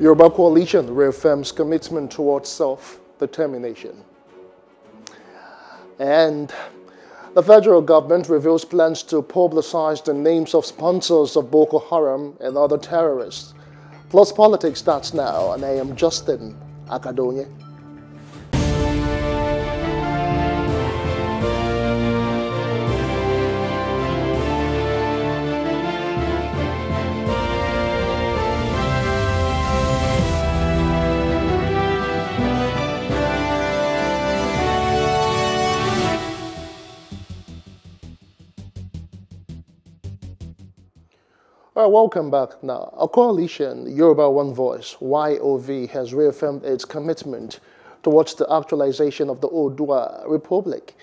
Yoruba Coalition reaffirms commitment towards self-determination. And the federal government reveals plans to publicize the names of sponsors of Boko Haram and other terrorists. Plus Politics starts now, and I am Justin Akadonye. welcome back. Now, our coalition, Yoruba One Voice, YOV, has reaffirmed its commitment towards the actualization of the Odua Republic.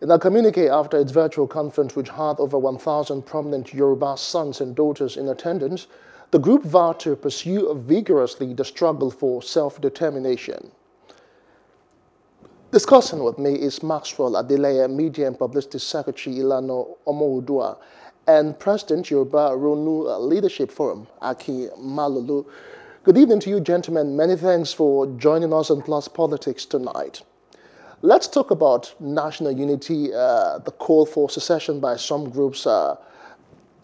In a communique after its virtual conference, which had over 1,000 prominent Yoruba sons and daughters in attendance, the group vowed to pursue vigorously the struggle for self-determination. Discussing with me is Maxwell Adeleye, Media and Publicity Secretary Ilano Omoudua, and President Yoruba Ronu uh, Leadership Forum, Aki Malulu. Good evening to you, gentlemen. Many thanks for joining us on Plus Politics tonight. Let's talk about national unity, uh, the call for secession by some groups uh,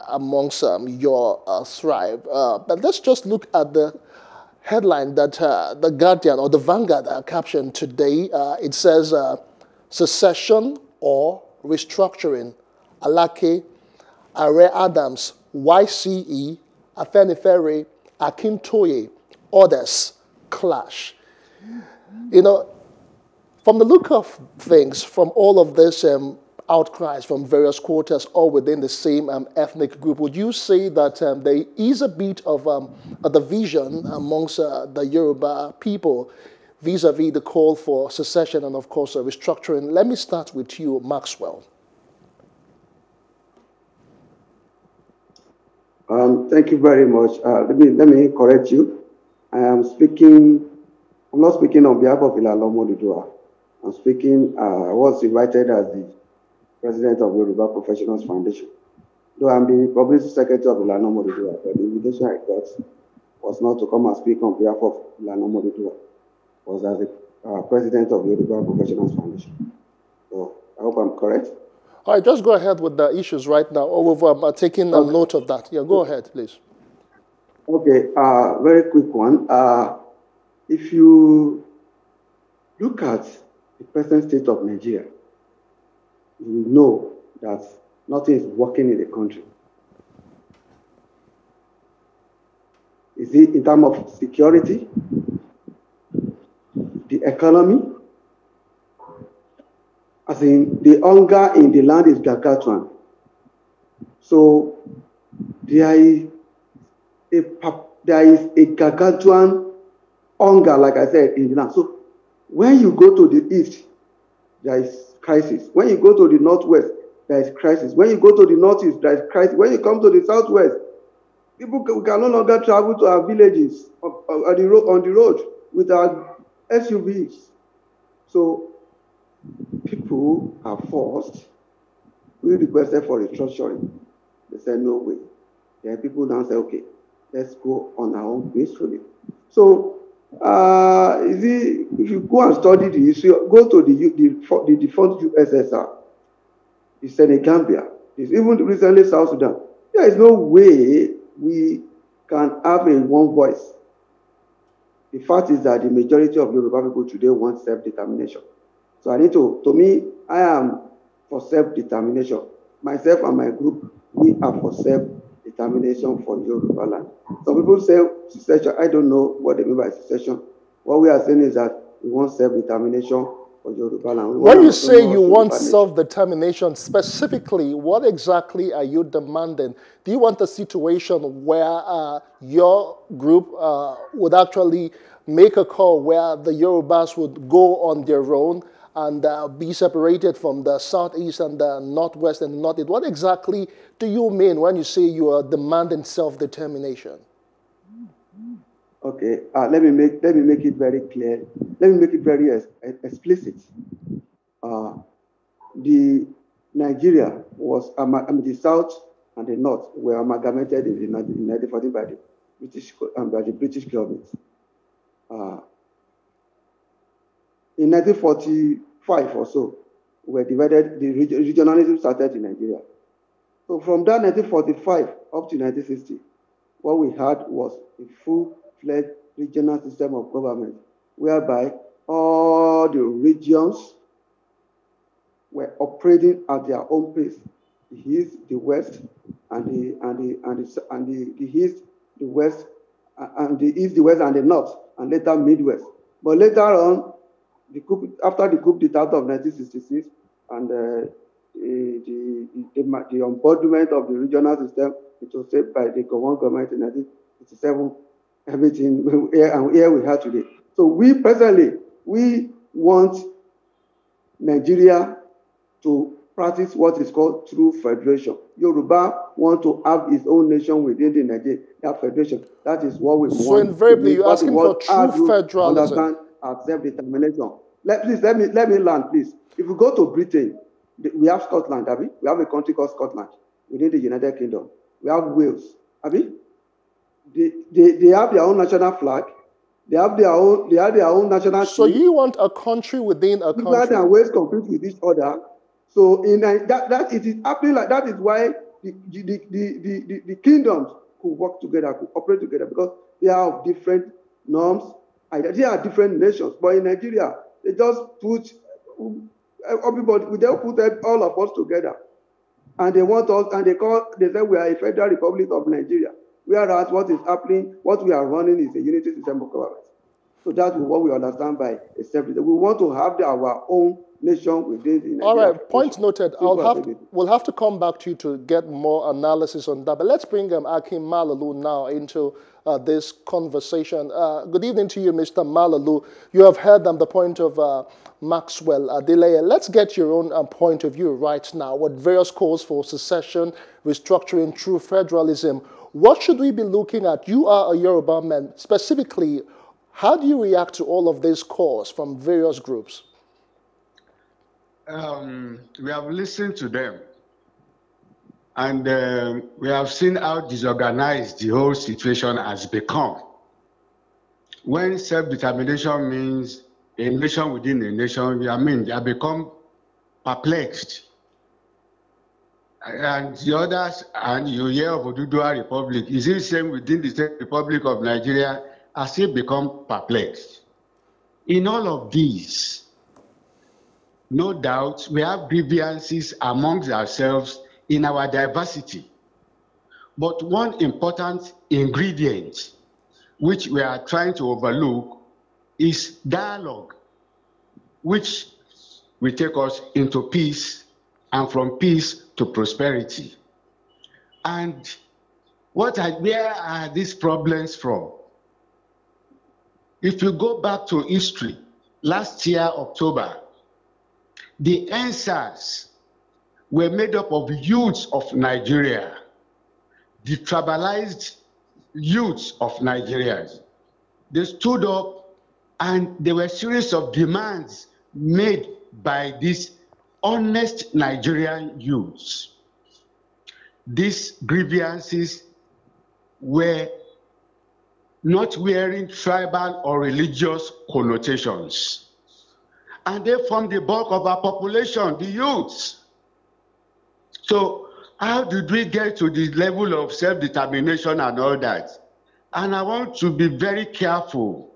amongst um, your uh, tribe. Uh, but let's just look at the headline that uh, The Guardian or The Vanguard captioned today. it says, Secession or Restructuring, Alake are Adams, YCE, Afenifere, Akim Toye, others clash. You know, from the look of things, from all of this um, outcries from various quarters, all within the same um, ethnic group, would you say that um, there is a bit of um, a division amongst uh, the Yoruba people vis-a-vis -vis the call for secession and, of course, restructuring? Let me start with you, Maxwell. Um, thank you very much. Uh, let me let me correct you. I am speaking. I'm not speaking on behalf of Ilalomo Dudua. I'm speaking. Uh, I was invited as the president of the Yoruba Professionals Foundation. Though I'm the public secretary of Ilalomo Dudua, but the invitation I got was not to come and speak on behalf of Ilalomo Dudua. Was as the uh, president of the Yoruba Professionals Foundation. So I hope I'm correct. All right, just go ahead with the issues right now. we am taking a note of that. Yeah, go ahead, please. Okay, uh, very quick one. Uh, if you look at the present state of Nigeria, you know that nothing is working in the country. Is it in terms of security, the economy, as in, the hunger in the land is gargantuan. So there is a there is a gargantuan hunger, like I said, in the land. So when you go to the east, there is crisis. When you go to the northwest, there is crisis. When you go to the northeast, there is crisis. When you come to the southwest, people can, no longer travel to our villages on, the, road, on the road with our SUVs. So people are forced. We requested for restructuring. They said, no way. are people now say, okay, let's go on our own gracefully. So, uh, if you go and study the issue, go to the, the, the defunct USSR, the Senegambia, even recently South Sudan. There is no way we can have a one voice. The fact is that the majority of Yoruba people today want self-determination. So I need to, to me, I am for self-determination. Myself and my group, we are for self-determination for Yoruba land. Some people say secession. I don't know what they mean by secession. What we are saying is that we want self-determination for Yoruba land. When you say you want self-determination, specifically, what exactly are you demanding? Do you want a situation where uh, your group uh, would actually make a call where the Yorubas would go on their own and uh, be separated from the southeast and the northwest and northeast. What exactly do you mean when you say you are demanding self-determination? Okay, uh, let me make let me make it very clear. Let me make it very ex explicit. Uh, the Nigeria was I um, mean, um, the South and the North were amalgamated in the 1940 by the British um, by the British government. Uh, in 1945 or so, were divided, the regionalism started in Nigeria. So from that 1945 up to 1960, what we had was a full-fledged regional system of government, whereby all the regions were operating at their own pace. The east, the west, and the and the and the and the, the east, the west, and the east, the west, and the north, and later Midwest. But later on, the coup, after the coup d'etat of 1966 and uh, the, the, the, the embodiment of the regional system, it was said by the Gowon government in 1967, everything, here, and here we have today. So we presently, we want Nigeria to practice what is called true federation. Yoruba want to have its own nation within the Nigeria federation. That is what we so want. So invariably, you're asking for true federalism. Understand, accept determination. Let, please let me let me land, please. If we go to Britain, we have Scotland, have We We have a country called Scotland within the United Kingdom. We have Wales, have we? They, they, they have their own national flag. They have their own they have their own national. So team. you want a country within a England country? and Wales compete with each other. So in uh, that that it is happening like that is why the the, the, the, the, the kingdoms could work together, could operate together because they are of different norms. They are different nations. But in Nigeria, They just put everybody, they put all of us together. And they want us, and they call, they say we are a federal republic of Nigeria. Whereas what is happening, what we are running is a unity system of government. So that's what we understand by a separate. We want to have our own nation within the All right, point noted. I'll have to, we'll have to come back to you to get more analysis on that. But let's bring um, Akim Malalu now into uh, this conversation. Uh, good evening to you, Mr. Malalu. You have heard um, the point of uh, Maxwell Adelaya. Let's get your own um, point of view right now. What various calls for secession, restructuring, true federalism. What should we be looking at? You are a Yoruba man. Specifically, how do you react to all of these calls from various groups? um, we have listened to them and uh, we have seen how disorganized the whole situation has become. When self determination means a nation within a nation, I mean, they have become perplexed. And the others, and you hear of Oduduwa Republic, is it same within the state Republic of Nigeria, has it become perplexed? In all of these, no doubt we have grievances amongst ourselves in our diversity. But one important ingredient which we are trying to overlook is dialogue, which will take us into peace and from peace to prosperity. And what are, where are these problems from? If you go back to history, last year, October, the answers were made up of youths of Nigeria, the tribalized youths of Nigeria. They stood up and there were a series of demands made by these honest Nigerian youths. These grievances were not wearing tribal or religious connotations. and they form the bulk of our population, the youths. So, how did we get to the level of self determination and all that? And I want to be very careful.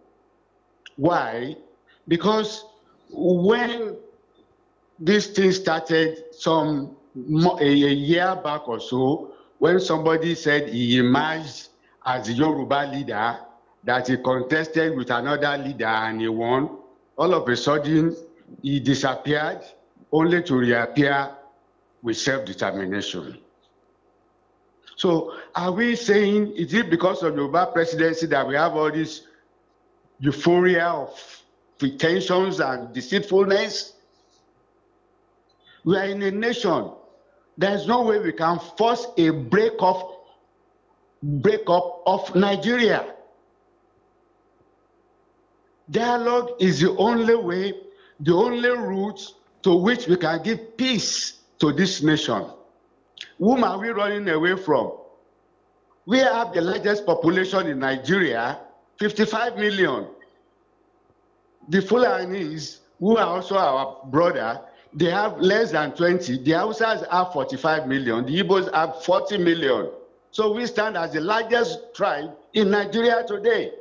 Why? Because when this thing started some a, year back or so, when somebody said he emerged as a Yoruba leader, that he contested with another leader and he won, all of a sudden he disappeared only to reappear with self-determination. So are we saying is it because of Yoruba presidency that we have all this euphoria of pretensions and deceitfulness? We are in a nation. There's no way we can force a break up break up of Nigeria. Dialogue is the only way, the only route to which we can give peace to this nation. Whom are we running away from? We have the largest population in Nigeria, 55 million. The Fulanis, who are also our brother, they have less than 20. The Hausas have 45 million. The Igbos have 40 million. So we stand as the largest tribe in Nigeria today.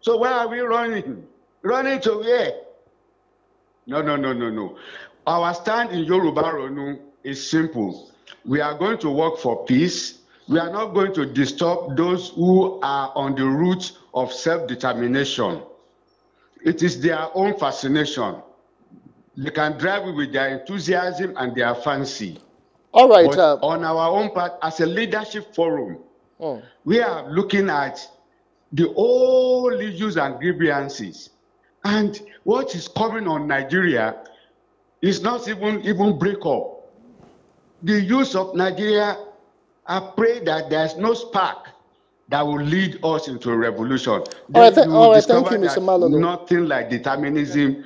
So where are we running? running to where? No, no, no, no, no. Our stand in Yoruba Ronu is simple. We are going to work for peace. We are not going to disturb those who are on the route of self determination. It is their own fascination. They can drive it with their enthusiasm and their fancy. All right. Uh, on our own part, as a leadership forum, oh. we are looking at the old issues and grievances and what is coming on Nigeria is not even even break up. The youth of Nigeria, I pray that there's no spark that will lead us into a revolution. All right, th- all right thank you, Mr. Malolo. Nothing like determinism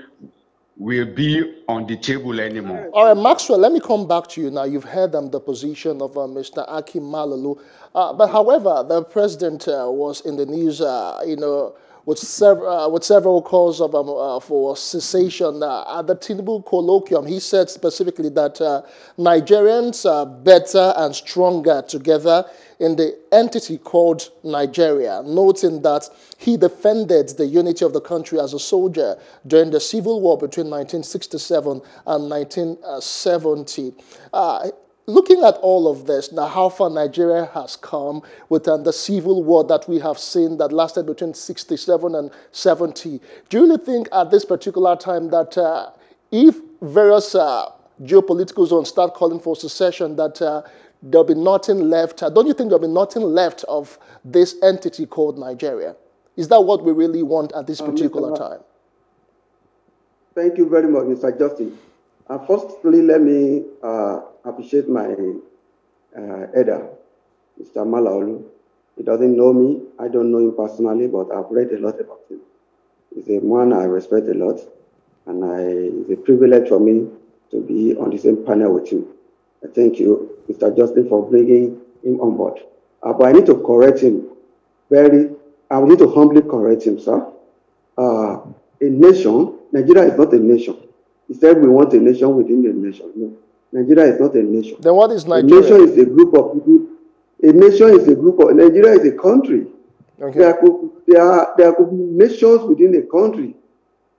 will be on the table anymore. All right, Maxwell, let me come back to you now. You've heard um, the position of uh, Mr. Akim Malalu. Uh, but however, the president uh, was in the news, uh, you know, with, several uh, with several calls of, um, uh, for cessation. Uh, at the Tinubu colloquium, he said specifically that uh, Nigerians are better and stronger together in the entity called Nigeria, noting that he defended the unity of the country as a soldier during the civil war between 1967 and 1970 looking at all of this, now how far Nigeria has come with um, the civil war that we have seen that lasted between 67 and 70, do you really think at this particular time that uh, if various uh, geopolitical zones start calling for secession, that uh, there'll be nothing left? Uh, don't you think there'll be nothing left of this entity called Nigeria? Is that what we really want at this uh, particular um, time? Thank you very much, Mr. Justin. Uh, firstly, let me appreciate my uh, elder, Mr. Malaolu. He doesn't know me. I don't know him personally, but I've read a lot about him. He's a man I respect a lot, and I, it's a privilege for me to be on the same panel with you. I thank you, Mr. Justin, for bringing him on board. Uh, but I need to correct him very, I need to humbly correct him, sir. Uh, a nation, Nigeria is not a nation. He said we want a nation within a nation. No. Nigeria is not a nation. Then what is Nigeria? A nation is a group of people. A nation is a group of. Nigeria is a country. Okay. There, could, there, are, there could be nations within a country.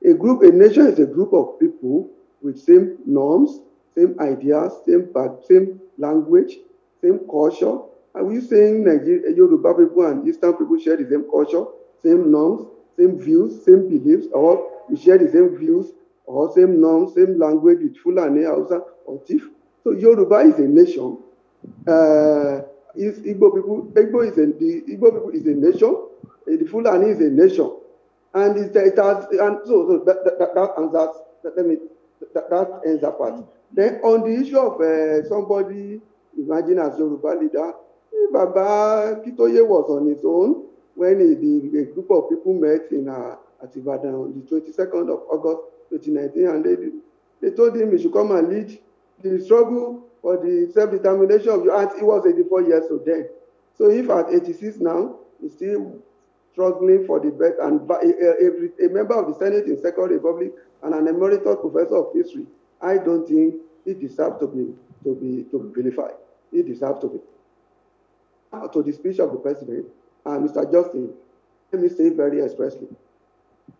A group, a nation is a group of people with same norms, same ideas, same same language, same culture. Are we saying Nigeria, Yoruba people and Eastern people share the same culture, same norms, same views, same beliefs, or we share the same views, or same norm, same language with Fulani, Hausa, or Tif. So Yoruba is a nation. Uh, is Igbo people, Igbo is a, the Igbo people is a nation. The Fulani is a nation, and it, it has, and so, so that, that, that answers. That, let me, that, that ends that part. Then on the issue of uh, somebody, imagine as Yoruba leader, eh, Baba Kitoye was on his own when he, the, a group of people met in uh, at Ibadan on the 22nd of August 1898. They told him he should come and lead the struggle for the self-determination of your aunt. He was 84 years old then. So if at 86 now, he's still struggling for the best and a, a, a member of the Senate in Second Republic and an emeritus professor of history, I don't think he deserves to be to be to be vilified. He deserves to be. To the speech of the president, uh, Mr. Justin, let me say very expressly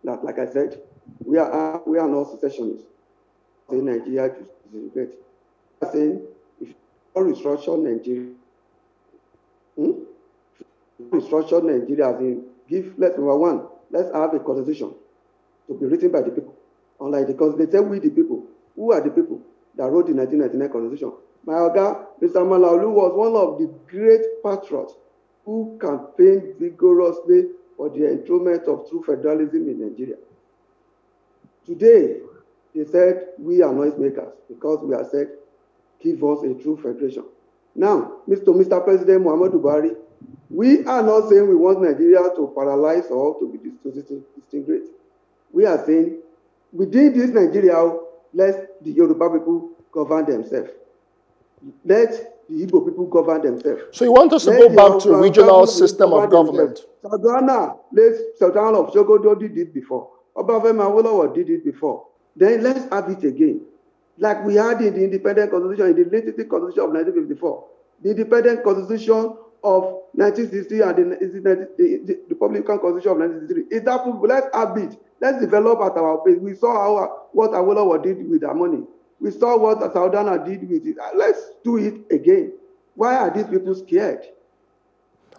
that, like I said, we are uh, we are not secessionists in Nigeria to disintegrate. I say if you restructure Nigeria, hmm? restructure Nigeria as in give let's number one, let's have a constitution to be written by the people. Unlike the constitution, they say we the people. Who are the people that wrote the 1999 constitution? My oga, Mr. Malaulu was one of the great patriots who campaigned vigorously for the enthronement of true federalism in Nigeria. Today, they said, we are noisemakers because we are said, give us a true federation. Now, Mr. Mr. President Muhammad Buhari, we are not saying we want Nigeria to paralyze or to be disintegrated. We are saying within this Nigeria, let the Yoruba people govern themselves. Let the Igbo people govern themselves. So you want us to let go back to regional system of government? South Ghana, South Ghana of Shogodo did this before. Obafemi Awolowo did it before. Then let's have it again. Like we had in the independent constitution, in the latest constitution of 1954, the independent constitution of 1960 and the, the, the, the Republican Constitution of 1963. Is that football? Let's have it. Let's develop at our pace. We saw how what Awolowo did with our money. We saw what Saudana did with it. Let's do it again. Why are these people scared?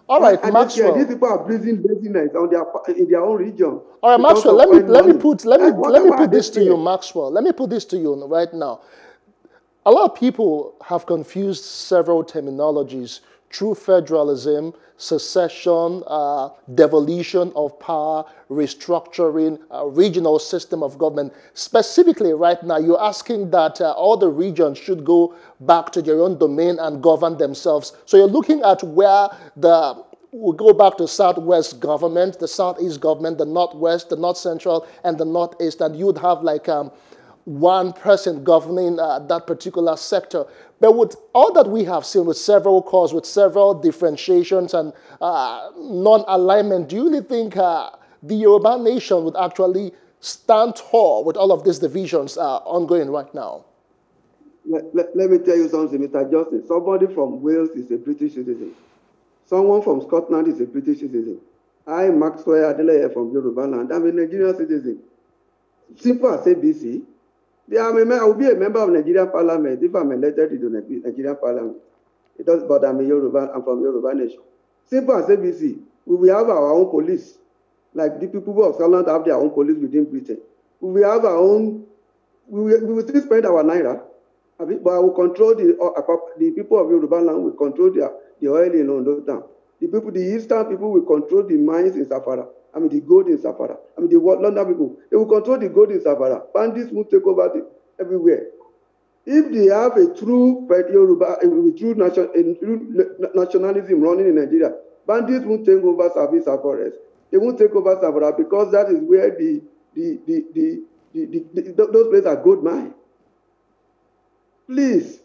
All right, and Maxwell. These people are blazing business on their in their own region. All right, Maxwell. Let me let money. me put let me let me put this to you, Maxwell. Let me put this to you right now. A lot of people have confused several terminologies True federalism, secession, uh, devolution of power, restructuring, uh, regional system of government. Specifically, right now, you're asking that uh, all the regions should go back to their own domain and govern themselves. So you're looking at where the we go back to Southwest government, the Southeast government, the Northwest, the North Central, and the Northeast, and you'd have like um, one person governing uh, that particular sector. But with all that we have seen with several calls, with several differentiations and uh, non-alignment, do you really think uh, the European nation would actually stand tall with all of these divisions uh, ongoing right now? Let, let, let me tell you something, Mr. Justice. Somebody from Wales is a British citizen. Someone from Scotland is a British citizen. I, Maxwell Adeleye from Yoruba land, I'm a Nigerian citizen. Simple as ABC, They are I will be a member of Nigerian Parliament if I'm elected to the Nigerian Parliament. It doesn't bother me. Yoruba, I'm from Yoruba Nation. Simple as ABC. We will have our own police, like the people of Scotland have their own police within Britain. We will have our own. We will, we will still spend our naira, but I will control the uh, the people of Yoruba land will control their the oil in London. town. The people, the eastern people will control the mines in Safara. I mean, the gold in Safara. I mean, the London people. They will control the gold in Safara. Bandits will take over the, everywhere. If they have a true Yoruba, a true, nation, a true nationalism running in Nigeria, bandits won't take over Safisa forest. They won't take over Safara because that is where the, the, the, the, the, the, the, the those places are gold mine. Please,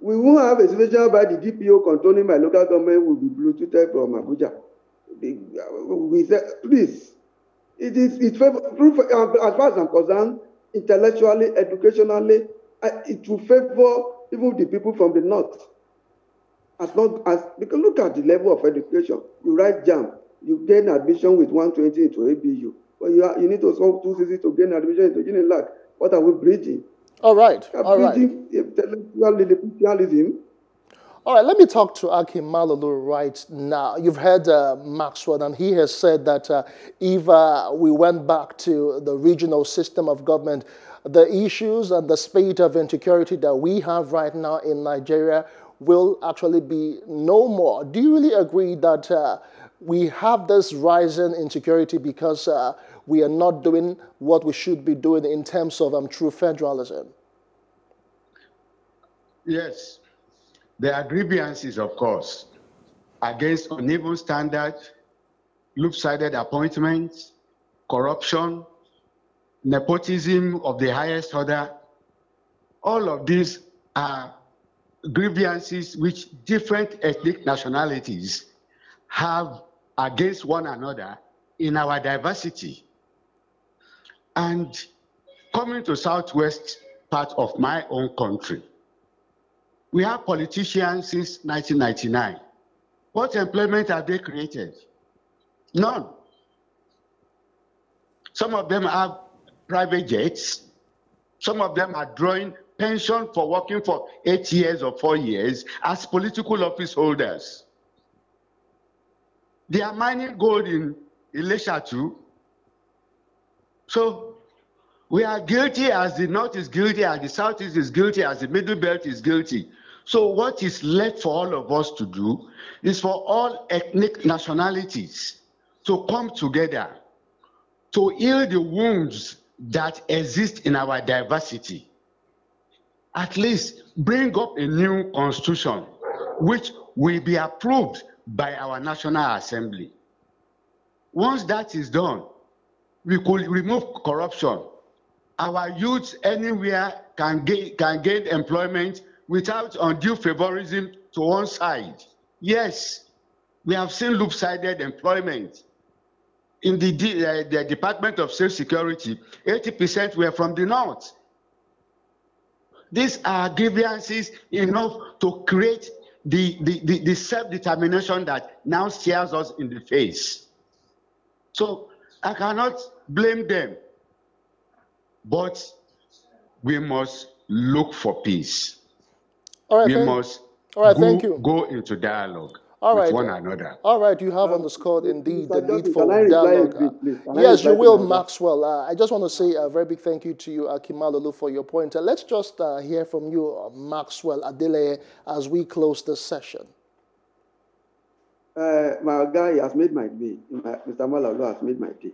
we won't have a situation by the DPO controlling my local government will be bluetooth from Abuja we said, please, it is it favor, uh, as far as I'm concerned, intellectually, educationally, uh, it will favor even the people from the north. As long as because look at the level of education, you write jam, you gain admission with 120 into ABU, but you, are, you need to solve 260 to gain admission into UNILAC. What are we bridging? All right, all breeding right. Intellectual liberalism All right, let me talk to Akim Malalu right now. You've heard uh, Maxwell, and he has said that uh, if uh, we went back to the regional system of government, the issues and the state of insecurity that we have right now in Nigeria will actually be no more. Do you really agree that uh, we have this rising insecurity because uh, we are not doing what we should be doing in terms of um, true federalism? Yes, there are grievances, of course, against uneven standards, loop-sided appointments, corruption, nepotism of the highest order. All of these are grievances which different ethnic nationalities have against one another in our diversity. And coming to southwest part of my own country, we have politicians since 1999. What employment have they created? None. Some of them have private jets. Some of them are drawing pension for working for eight years or four years as political office holders. They are mining gold in Elisha too. So we are guilty as the North is guilty, as the South is guilty, as the Middle Belt is guilty so what is left for all of us to do is for all ethnic nationalities to come together to heal the wounds that exist in our diversity. At least bring up a new constitution which will be approved by our National Assembly. Once that is done, we could remove corruption. Our youths anywhere can gain, can gain employment without undue favorism to one side. Yes, we have seen loop-sided employment. In the, uh, the Department of Safe Security, 80% were from the north. These are grievances enough to create the, the, the, the self-determination that now stares us in the face. So I cannot blame them, but we must look for peace. All right, we thank, must all right, go, thank you. go into dialogue. All right. One another. All right, you have underscored indeed the need for dialogue. Uh, yes, you will, Maxwell. Uh, I just want to say a very big thank you to you, Akimalulu, uh, for your point. Uh, let's just uh, hear from you, uh, Maxwell Adele, as we close this session. my guy has made my day. Mr. Malalu has made my day.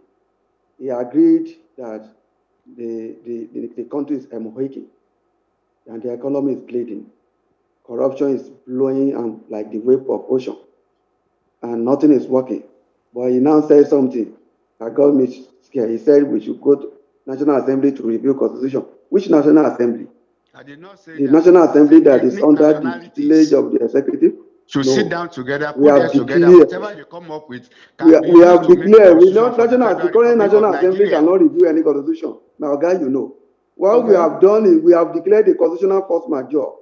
He agreed that the, the, the, the country is emhoiking um, and the economy is bleeding. corruption is blowing um, like the wave of ocean and nothing is working. But he now said something that got me scared. He said we should go to National Assembly to review constitution. Which National Assembly? I did not say the that. National Assembly that is under the village of the executive. To no. sit down together, put we have together, declared. whatever you come up with. We, are, we have declared. We don't national. The current National Assembly cannot review any constitution. Now, guy, you know. What okay. we have done is we have declared the constitutional force majeure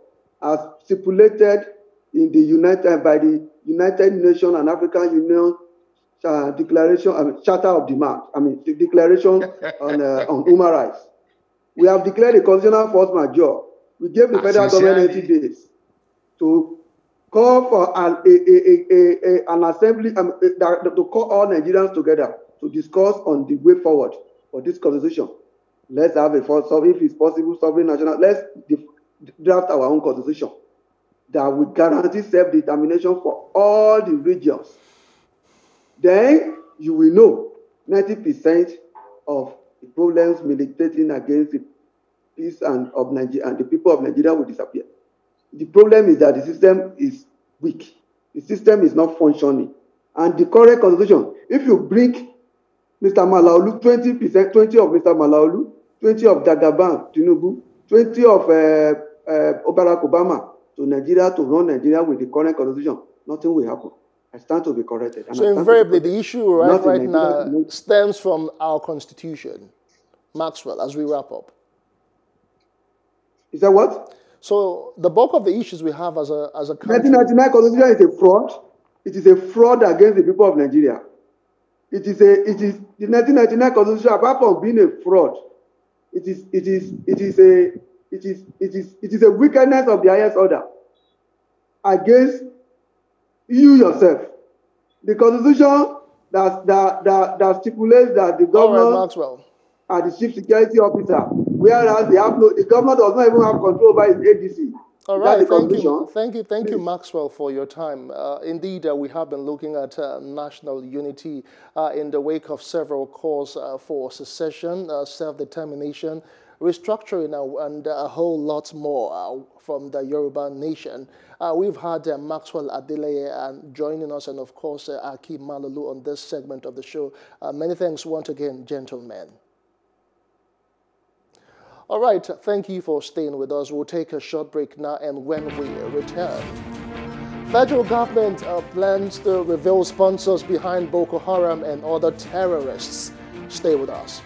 as stipulated in the United uh, by the United Nations and African Union uh, Declaration, I mean, Charter of Demand, I mean, the Declaration on, uh, on Human Rights. We have declared a constitutional force majeure. We gave the federal government 80 days to call for an, a, a, a, an assembly um, to call all Nigerians together to discuss on the way forward for this constitution. Let's have a for so if it's possible sovereign national. Let's draft our own constitution that will guarantee self-determination for all the regions. Then you will know 90% of the problems militating against the peace and of Nigeria and the people of Nigeria will disappear. The problem is that the system is weak. The system is not functioning. And the current constitution, if you bring Mr. Malaolu, 20%, 20 of Mr. Malaolu, 20 of Dagaban, Tinubu, 20 of uh, uh, Barack Obama to Nigeria to run Nigeria with the current constitution, nothing will happen. I stand to be corrected. so invariably, the issue right, right now stems from our constitution, Maxwell. As we wrap up, is that what? So the bulk of the issues we have as a as a country. 1999 constitution is a fraud. It is a fraud against the people of Nigeria. It is a it is the 1999 constitution apart from being a fraud. It is it is it is a it is, it is, it is a wickedness of the highest order against you yourself. The constitution that, that, that, that stipulates that the governor right, and the chief security officer, whereas they have no, the governor does not even have control by his ADC. All right, thank you. Thank you, thank you, Maxwell, for your time. Uh, indeed, uh, we have been looking at uh, national unity uh, in the wake of several calls uh, for secession, uh, self-determination, restructuring and uh, a whole lot more uh, from the Yoruba nation. Uh, we've had uh, Maxwell Adeleye uh, joining us and, of course, uh, Akeem Malulu on this segment of the show. Uh, many thanks once again, gentlemen. All right, thank you for staying with us. We'll take a short break now, and when we return, federal government plans to reveal sponsors behind Boko Haram and other terrorists. Stay with us.